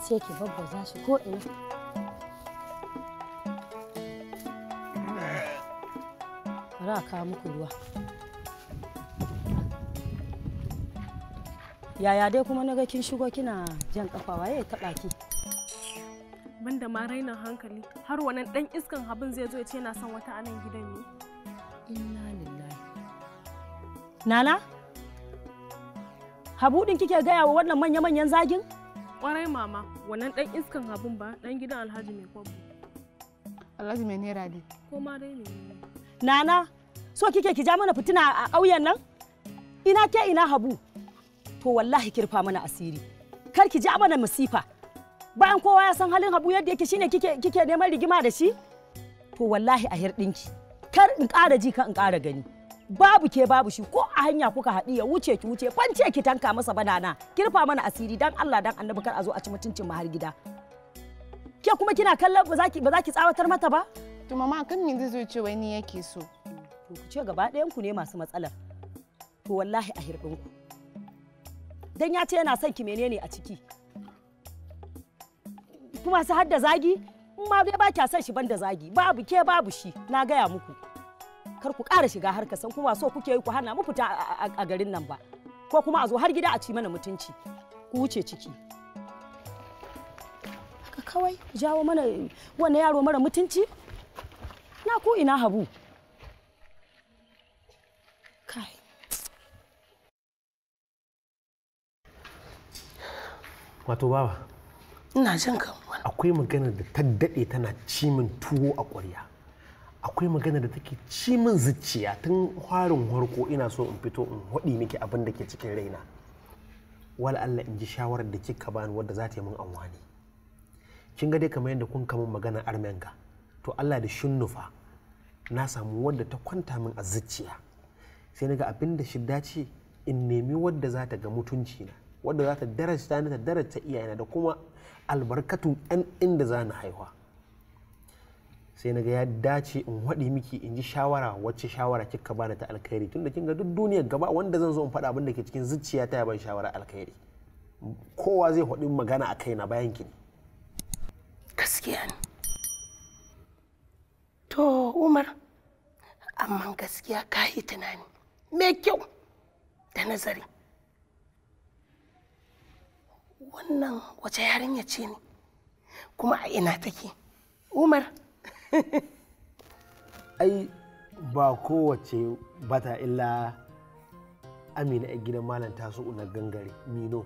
sai muku ruwa yaya dai kuma naga kin shigo kina jan kafa waye ya taba ki ban da ma hankali har wannan dan iskan habin zai zo ya ce yana son wata anan gidan ne inna lillahi nana habu din kike gaya wa wannan manya-manyan zagin? Kwarai mama, wannan dan iskan habun ba dan gidan Alhaji mai kwabo. Alhaji mai naira dai. Ko ma dai ne. Nana, so kike ki ja mana fitina a ƙauyen nan? Ina ke ina habu? To wallahi kirfa mana asiri. Kar ki ja mana masifa. Bayan kowa ya san halin habu yadda yake shine kike kike neman rigima da shi? To wallahi a hirɗinki. Kar in ƙara ji ka in ƙara gani. babu ke babu shi ko a hanya kuka haɗu ya wuce ki wuce kwance ki tanka masa banana kirfa mana asiri dan Allah dan annabi kar a zo a ci mutuncin mu har gida ke kuma kina kallon ba za ki ba za ki tsawatar mata ba to mama kan me zai zo ce wai ni yake so to ku ce gaba ɗayan ku ne masu matsalar to wallahi a hirɗin ku dan ya ce yana son ki menene a ciki kuma su hadda zagi in ma dai ba kya son shi banda zagi babu ke babu shi na gaya muku kar ku ƙara shiga harkar san kuma so kuke yi ku hana mu fita a garin nan ba ko kuma a zo har gida a ci mana mutunci ku wuce ciki haka kawai jawo mana wani yaro mara mutunci na ku ina habu kai wato baba ina jin kan akwai maganar da ta daɗe tana cimin tuwo a ƙwarya akwai magana da take ci min zuciya tun harin harko ina so in fito in haɗi miki abin da ke cikin raina wal Allah in ji shawarar da kika bani wadda za ta yi min anwani. kin ga dai kamar yadda kun kama magana armenga to Allah da shunnufa na samu wadda ta kwanta min a zuciya sai ga abin da shi dace in nemi wadda za ta ga mutunci na wadda za ta darasta ni ta darasta iyayena da kuma albarkatun ɗan inda za na haihuwa sai na ga ya dace in waɗi miki in ji shawara wacce shawara kika bani ta alkhairi tunda kin ga duk duniyar gaba wanda zan zo in faɗa abin da ke cikin zuciya ta ya ban shawara alkhairi kowa zai haɗi magana a kaina bayan ki gaskiya ne to umar amma gaskiya ka yi tunani mai kyau da nazari wannan wace yarinya ce ne kuma a ina take umar ai ba kowace bata illa amina a gidan malam taso na gangare mino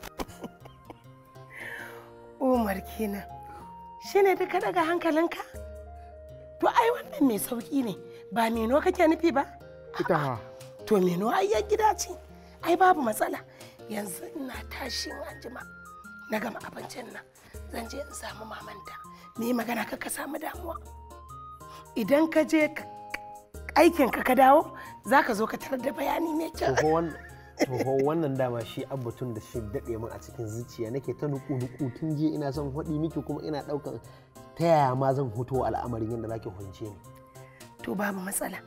umar kenan ne duka daga hankalinka to ai wannan mai sauki ne ba mino kake nufi ba ita ha to mino ai ya gida ce ai babu matsala yanzu ina tashin anjima na gama abincin nan zan je in samu mamanta ne magana ka samu damuwa idan ka je aikin ka ka dawo za ka zo ka tarar da bayani mai kyau toho wannan dama shi abbatun da shi daɗe min a cikin zuciya nake ta nuku-nuku tun jiya ina son haɗi miki kuma ina ɗaukan ta yaya ma zan hoto al'amarin yadda zaki hunce ni. To babu matsala.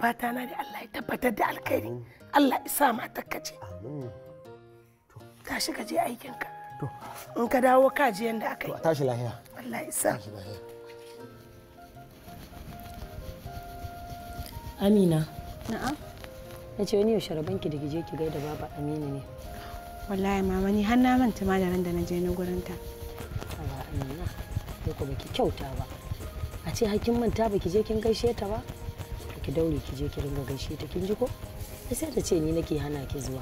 Fata na da Allah ya tabbatar da alkhairi. Allah ya sa ta kace Tashi ka je aikinka. to ka dawo ka ji aka yi tashi sa Amina na'am na ce wani yaushe rabon ki da gije ki gaida baba Amina ne wallahi mama ni har na manta ma da ran da na je na gurin ta Allah Amina ko ko baki kyauta ba a ce hakin manta baki je kin gaishe ta ba ki daure ki je ki ringa gaishe ta kin ji ko sai ta ce ni nake hana ki zuwa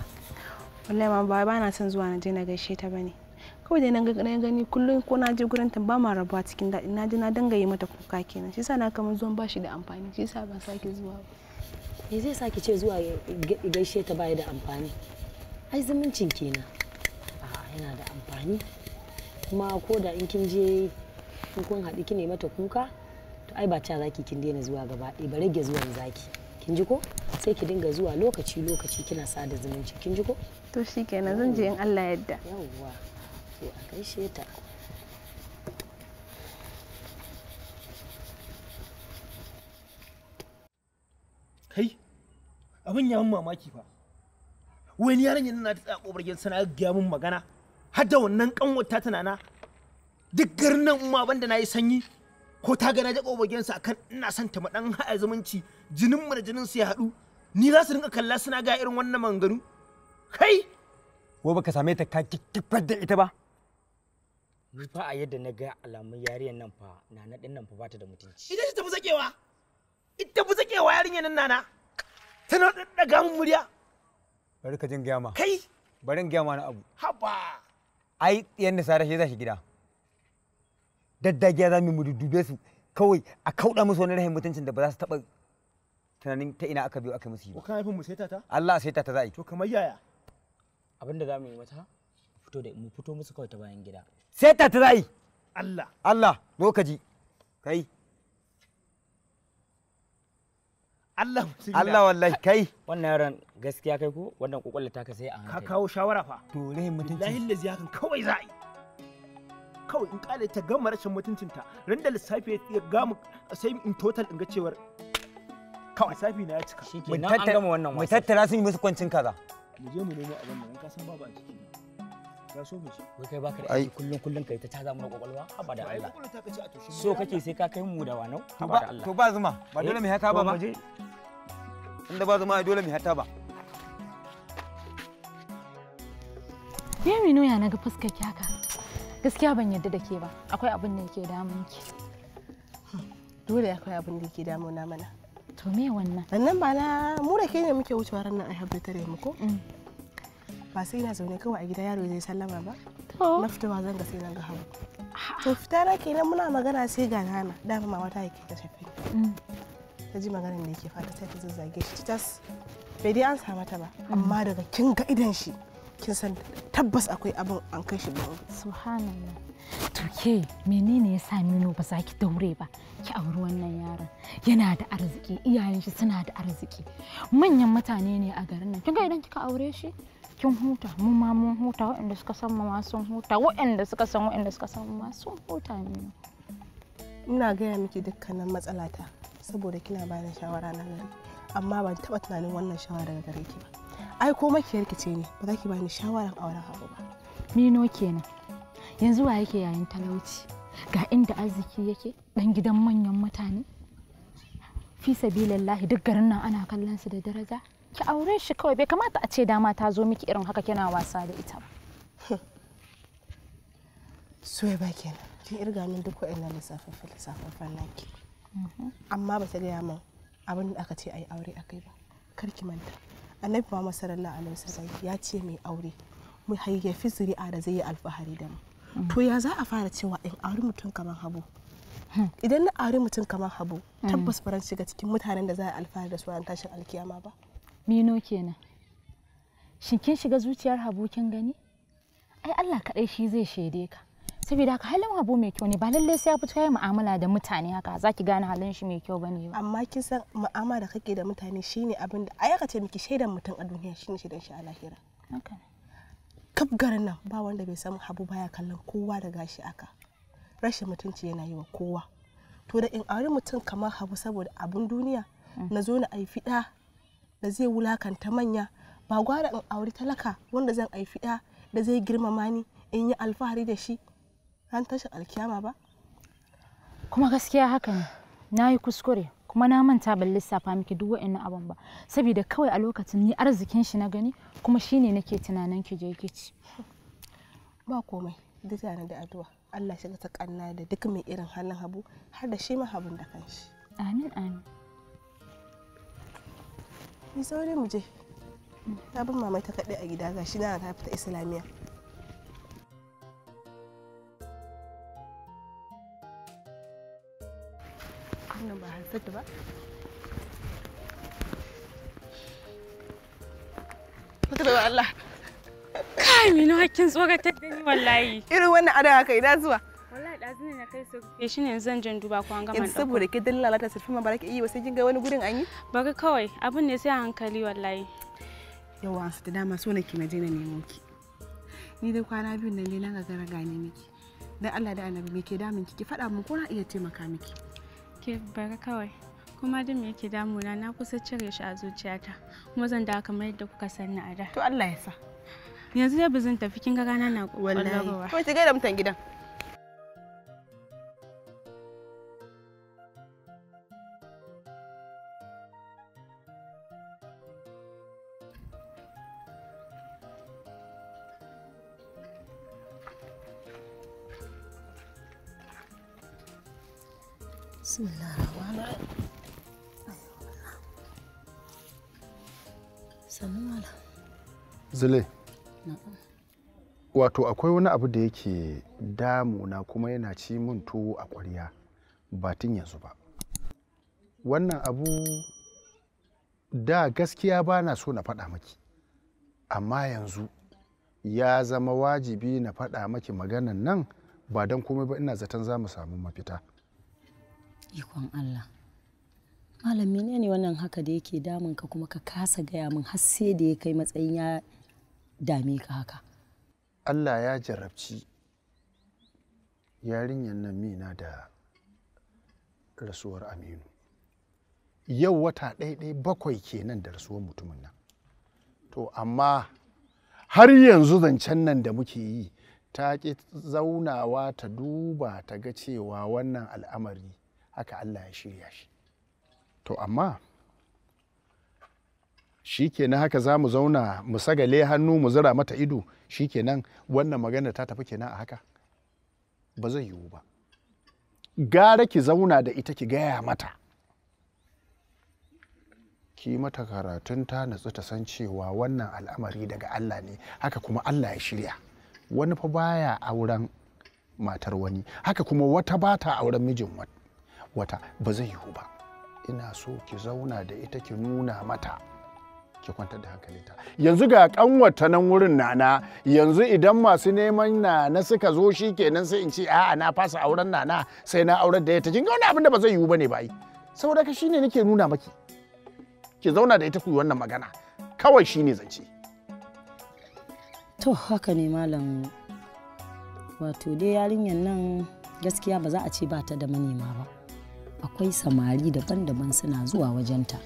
wallahi ma ba na son zuwa na je na gaishe ta bane kawai dai na gani kullum ko na je gurin ba ma rabuwa cikin daɗi na je na danga yi mata kuka kenan shi yasa na kama zuwan ba shi da amfani shi yasa ban sake zuwa ba me zai sake ce zuwa gaishe ta baya da amfani ai zumuncin kenan a yana da amfani kuma ko da in kin je in kun haɗu ki ne mata kuka to ai ba ca zaki kin daina zuwa gaba ɗaya ba rage zuwan zaki kin ji ko sai ki dinga zuwa lokaci lokaci kina sada zumunci kin ji ko to shikenan zan je in Allah yadda yawwa ko a gaishe ta kai abin ya mamaki fa wani yaron yana ta tsaya kobar gidan sana ga mun magana har da wannan kanwata tunana duk garin nan ma banda nayi sanyi ko ta ga na je kobar gidan sa akan ina son ta madan haɗa zumunci jinin mu da jinin su ya haɗu ni za su rinka kalla suna ga irin wannan manganu kai wo baka same ta ka kikkifar da ita ba ni fa a yadda na ga alamun yarinyar nan fa na din nan fa bata da mutunci ita ce tafi zakewa ita buzakewa zakewa yarinyar nan nana tana daga mun murya bari ka jin gaya ma kai bari in gaya ma na abu haba ai yanda nasara shi zashi gida daddagiya za mu mudu dudube su kawai a kauda musu wani rahin mutuncin da ba za su taba tunanin ta ina aka biyo aka musu yi ba ka haifin mu sai ta Allah sai ta za yi to kamar yaya abinda za mu yi mata fito da mu fito musu kawai ta bayan gida sai ta ta yi Allah Allah lokaci kai Allah Allah wallahi kai wannan yaron gaskiya kai ko wannan kokolla ta ka sai an ka kawo shawara fa to rai mutunci lahi lazi hakan kawai za kawai in kale ta gama rashin mutuncin ta ran da lissafi ya gamu sai in total in ga cewar kawai lissafi na ya cika shikenan an gama wannan mu tattara sun yi musu kwancin kaza mu je mu nemo abin nan ka san babu a cikin ya so mishi wai kai baka da kullun kullun kai ta caza mana kwakwalwa Allah so kake sai ka kai mu da wa haba da Allah to ba zuma ba dole hata ba ba inda ba zuma dole hata ba na ga fuskar ki gaskiya ban yadda da ke ba akwai abin da yake damun ki dole akwai abin da yake damuna mana to me wannan wannan ba na mu da ke ne muke wucewa ran nan ai habda tare mu ko mm. ba sai na zaune kawai a gida yaro zai sallama ba na ba zan ga sai zan ga hagu to fita na kenan muna magana sai ga nana dama mama ta yake ta shafe mm. ta ji maganar da yake fata sai ta zazzage shi tas bai dai an samu ta ba mm. amma daga kin ga idan shi kin san tabbas akwai abin an kai shi ba subhanallah to ke menene ya sa mino ba za ki daure ba ki auri wannan yaron yana da arziki iyayen shi suna da arziki manyan mutane ne a garin nan kin ga idan kika aure shi kin huta mu ma mun huta waɗanda suka san ma sun huta waɗanda suka san waɗanda suka san ma sun huta ne ina gaya miki dukkanin matsalata saboda kina bani shawara na gari amma ban taɓa tunanin wannan shawara daga gare ki ba ai ko makiyar ki ce ne ba za ki bani shawaran auren hagu ba mino kenan yanzu wa yake yayin talauci ga inda arziki yake dan gidan manyan mutane fi sabilillahi duk garin nan ana kallon su da daraja ki aure shi kawai bai kamata a ce dama ta zo miki irin haka kina wasa da ita ba soya ba kenan kin irga min duk wa'annan lissafin lissafin fannan ki mhm. amma ba ta gaya min abin da aka ce ayi aure akai ba kar ki manta annabi ma sallallahu alaihi wasallam ya ce mai aure mu hayyafi zuri'a da zai yi alfahari da mu mhm. to ya za a fara cewa in aure mutum kamar habu hmm. idan na aure mutum kamar habu hmm. tabbas faran shiga cikin mutanen da za a alfahari da su an tashin alkiyama ba Mino kenan. Shin kin shiga zuciyar Habu kin gani? Ai Allah kaɗai shi zai shaide ka. Saboda haka halin Habu mai kyau ne ba lallai sai ya fito yi mu'amala da mutane haka za ki gane halin shi mai kyau bane ba. Amma kin san mu'amala da kake da mutane shine abin da ai aka miki shaidan mutum a duniya shine shaidan shi a lahira. Haka Kaf garin nan ba wanda bai san Habu baya kallon kowa da gashi aka. Rashin mutunci yana yi wa kowa. To da in aure mutum kamar Habu saboda abun duniya mm. na zo na aifi ɗa da zai wulakanta manya ba gwara in auri talaka wanda zan haifi ɗa da zai girmama ni in yi alfahari da shi an tashin alkiyama ba kuma gaskiya haka ne na yi kuskure kuma na manta ban lissafa miki duk wa'annan abun ba saboda kawai a lokacin ni arzikin shi na gani kuma shine nake tunanin ki je ki ci ba komai duk na da addu'a Allah shi ta kanna da duk mai irin halin habu har da shi ma habun da kanshi amin amin yi saurin mu je ta bin mamai ta kaɗai a gida gashi na ta fita islamiyya wannan ba hansatu ba wata bai Allah kai mino hakkin tsoratar da ni wallahi irin wannan adawa kai na zuwa sai shine yanzu zan jan duba ko an gama yanzu saboda ke dan lalata sai ga wani gurin an yi bari kawai abun ne sai a hankali wallahi yawa da dama so nake na je na nemo ki ni dai kwana biyu nan ne na gane miki dan Allah da annabi me ke damun ki ki ko na iya taimaka miki ke kawai kuma me yake damuna na kusa cire shi a zuciyata kuma zan dawo kamar yadda kuka sanni a da to Allah ya sa yanzu tafi kin ga rana na wallahi to ki ga mutan gidan Wato akwai wani abu da yake damuna kuma yana ci mun tuwo a ƙwarya batun yanzu ba. Wannan abu da gaskiya ba na so na faɗa maki, amma yanzu ya zama wajibi na faɗa maki maganan nan ba don komai ba ina zaton za mu samu mafita. Ikon Allah. Malam menene wannan haka da yake damun ka kuma ka kasa gaya min har sai da ya kai matsayin ya dame ka haka. Allah ya jarabci yarinyar nan mina da rasuwar Aminu. Yau wata ɗaiɗai bakwai kenan da rasuwar mutumin nan. To amma har yanzu zancen nan da muke yi ta ƙi zaunawa ta duba ta ga cewa wannan al'amari haka Allah ya shirya shi to amma shi kenan haka za mu zauna mu sagale hannu mu zira mata ido shi kenan wannan magana ta tafi kenan a haka ba zai yiwu ba gara ki zauna da ita ki gaya mata ki mata karatun ta natsu ta san cewa wannan al'amari daga Allah ne haka kuma Allah ya shirya wani fa baya auren matar wani haka kuma wata bata auren mijin wani wata ba zai yiwu ba ina so ki zauna da ita ki nuna mata ki kwantar da hankalinta yanzu ga kanwata nan wurin nana yanzu idan masu neman nana suka zo shi kenan sai in ce a'a na fasa auren nana sai na auren da ya ta kin ga wani abin ba zai yiwu bane ba yi saboda ka shine nake nuna maki ki zauna da ita ku yi wannan magana kawai shine zance to haka ne malam wato dai yarinyar nan gaskiya ba za a ce ba ta da manema ba akwai samari daban-daban suna zuwa wajenta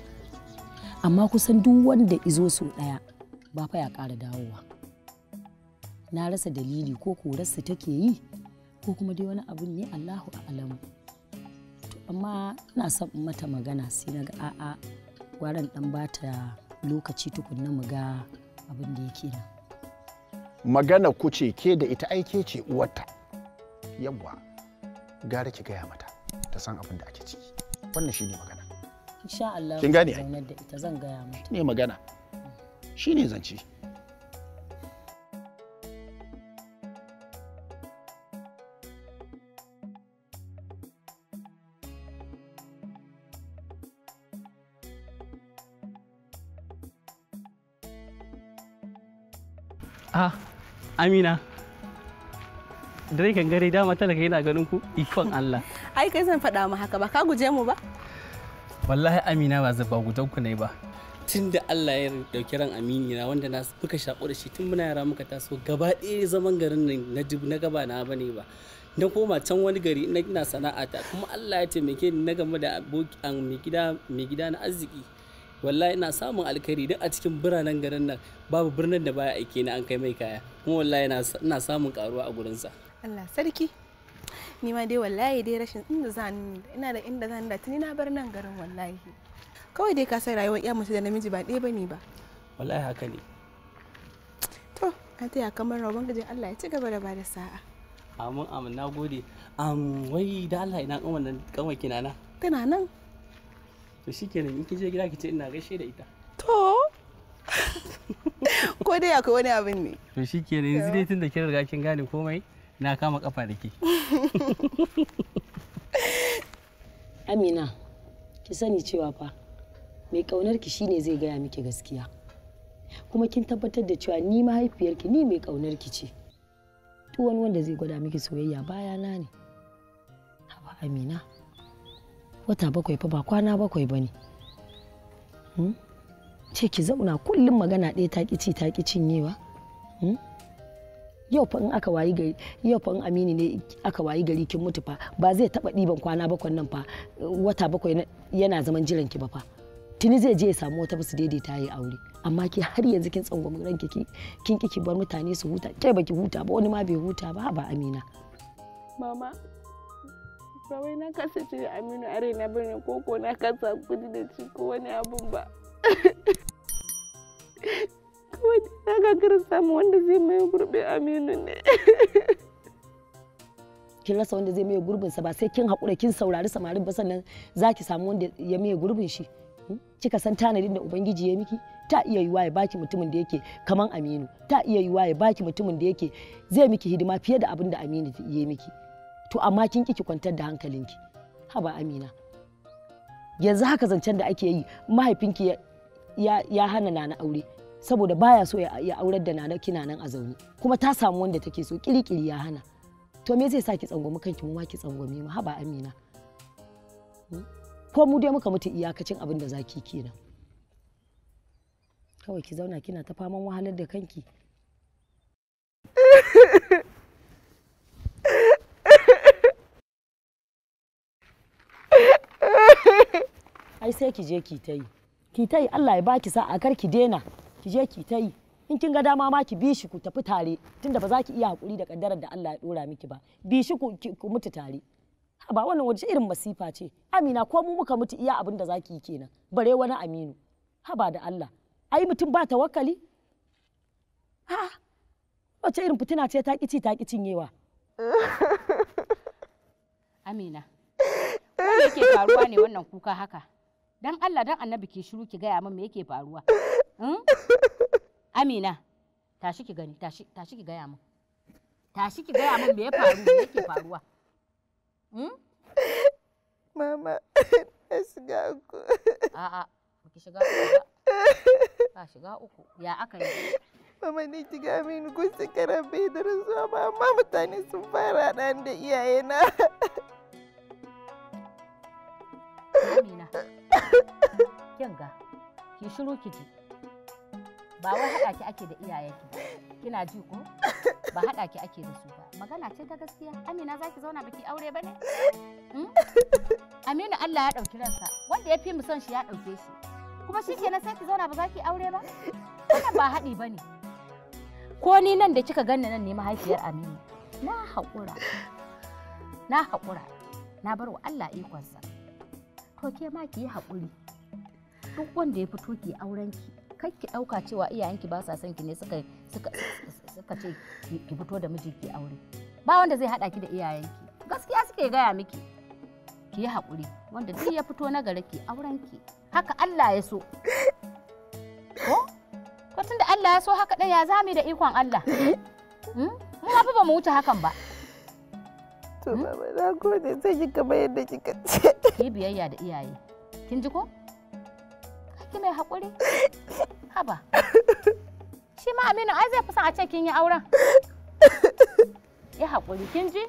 amma kusan duk wanda izo so ɗaya ba fa ya ƙara dawowa na rasa dalili ko korarsa take yi ko kuma dai wani abun ne allahu a'lamu amma ina son in mata magana sai na ga a'a gwaran dan bata lokaci tukunna mu ga abin da yake nan magana kuce ke da ita aike ce uwarta yawwa gara ki gaya mata ta san abin da ake ciki wannan shi ne magana insha Allah kin gane ai da ita zan gaya mata ne magana ne zance Ah, Amina. Dare kan gare dama talaka yana ganin ku ikon Allah. ai kai zan faɗa mu haka ba ka guje mu ba wallahi amina ba zai ba ne ba tun da Allah ya dauki ran amini na wanda na muka shako da shi tun muna yara muka taso gaba ɗaya zaman garin nan na na gaba na bane ba na koma can wani gari ina sana'ata kuma Allah ya taimake ni na game da abokin ah, mai gida mai gida na arziki wallahi ina samun alkhairi duk a cikin biranen garin nan babu birnin da baya aike ni an kai mai kaya kuma wallahi ina samun karuwa a sa. Allah sarki ni ma dai wallahi dai rashin inda za ni ina da inda za ni da tuni na bar nan garin wallahi kawai dai ka san rayuwar iya mace da namiji ba ɗaya bane ba wallahi haka ne to an taya kamar rabon gajin Allah ya ci gaba da bada sa'a amin amin na gode am wai da Allah ina kan wannan kanwa kina na tana nan to shikenan in kije gida ki ce ina gaishe da ita to ko dai akwai wani abin ne to shikenan yanzu dai tun da kin riga kin gane komai na kama kafa da ke amina ki sani cewa fa mai kaunar ki shine zai gaya miki gaskiya kuma kin tabbatar da cewa ni mahaifiyarki ni mai kaunar ki ce duk wani wanda zai gwada miki soyayya baya na ne haba amina wata bakwai fa ba kwana bakwai ba ne ce hmm? ki zauna kullum magana ɗaya ta ƙici ta ƙi cinyewa hmm? yau fa in aka wayi gari yau fa in amini ne aka wayi gari kin mutu fa ba zai taba ɗiban kwana bakwai nan fa wata bakwai yana zaman jiran ki ba fa tuni zai je ya samu wata basu ta yi aure amma ki har yanzu kin tsangwa tsangwami ranki ki kin ki bar mutane su huta kai baki huta ba wani ma bai huta ba ba amina mama ba wai na kasa ce aminu a raina bane ko ko na kasa kudi da ci ko wani abun ba kawai na gagara samu wanda zai maye gurbi aminu ne kin rasa wanda zai maye gurbin sa ba sai kin haƙura kin saurari samarin ba sannan zaki samu wanda ya maye gurbin shi hmm? kika san tanadin da ubangiji ya miki ta iya yiwa ya baki mutumin da yake kaman aminu ta iya yiwa ya baki mutumin da yake zai miki hidima fiye da abin da aminu ya miki to amma kin ki kwantar da hankalinki haba amina yanzu haka zancen da ake yi mahaifinki ya, ya hana na na aure saboda baya so ya aurar da nana kina nan a zaune kuma ta samu wanda take so kirikiri ya hana to me zai sa ki tsangwami kanki mu ma ki tsangwami mu haba amina hmm? ko mu dai muka mutu iyakacin abin da zaki kenan kawai ki zauna kina ta faman wahalar da kanki ai sai ki je ki tai ki tayi. Allah ya baki sa'a kar ki dena ki je ki ta yi in kin ga dama ma ki bi shi ku tafi tare tunda ba za ki iya hakuri da kaddarar da Allah ya dora miki ba bi shi ku mutu tare ba wannan wace irin masifa ce amina ko mu muka mutu iya abin da za ki yi kenan bare wani aminu haba da Allah ai mutum ba tawakkali ha wace irin fitina ce ta kici ta yewa amina wanda yake faruwa ne wannan kuka haka dan Allah dan annabi ke shiru ki gaya min me yake faruwa hmm? Amina, tashi ki gani, tashi tashi ki gaya min. Tashi ki gaya min me ya faru, me yake faruwa? Hmm? Mama, na shiga uku. A'a, ki shiga uku ba. Ka shiga uku. Ya aka yi? Mama ne ki ga min kun ci bai da rasuwa ba, amma mutane sun fara ɗan da iyayena. Amina, ga, ki shiru ki ji. ba wai haɗa ki ake da iyayenki ki kina ji ko ba haɗa ki ake da su ba magana ce ta gaskiya amina za ki zauna baki aure ba ne hmm? aminu allah ya ɗauki ransa wanda ya fi mu son shi ya ɗauke shi kuma shi kenan sai ki zauna ba za ki aure ba wannan ba haɗi ba ne ko ni nan da kika ganni nan ne mahaifiyar aminu na haƙura na haƙura na bar wa allah ikonsa to ke ma ki yi haƙuri duk wanda ya fito ki aurenki kar ki ɗauka cewa iyayenki ba sa son ki ne suka suka suka ce ki fito da miji ki aure ba wanda zai hada ki da iyayenki gaskiya suke gaya miki ki yi hakuri wanda duk ya fito na gare ki auren ki haka Allah ya so ko ko tunda Allah ya so haka dan ya zame da ikon Allah hmm? mu ma ba mu wuce hakan ba to hmm? ba na gode zai yi kamar yadda kika ce ki biyayya da iyaye kin ji ko ki mai haƙuri haba shi ma aminu ai zai fi son a ce kin yi auren ya haƙuri kin ji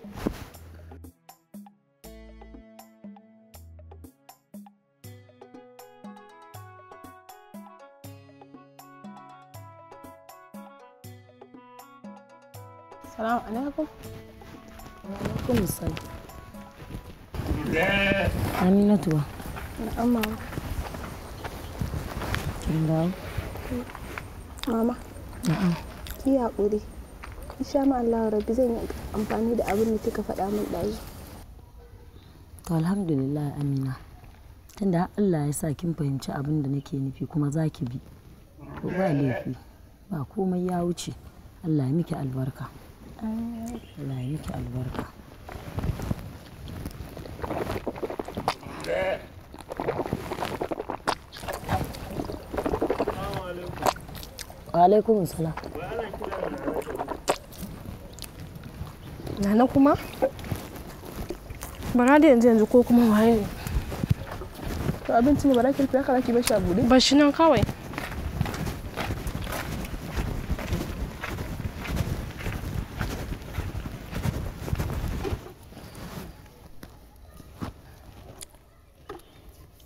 Salamu alaikum. Alaikum salam. Aminatu ba. Na'am Kin dawo? Mama. Ki haƙuri. Insha ma Allah Rabbi zan yi amfani da abin da kika faɗa min ɗazu. To alhamdulillah Amina. Tunda Allah ya sa kin fahimci abin da nake nufi kuma za ki bi. To ba laifi. Ba komai ya wuce. Allah ya miki albarka. Allah ya miki albarka. wa alaikum salam nana da yanzu yanzu ko kuma waye ne to abinci ne a bude nan kawai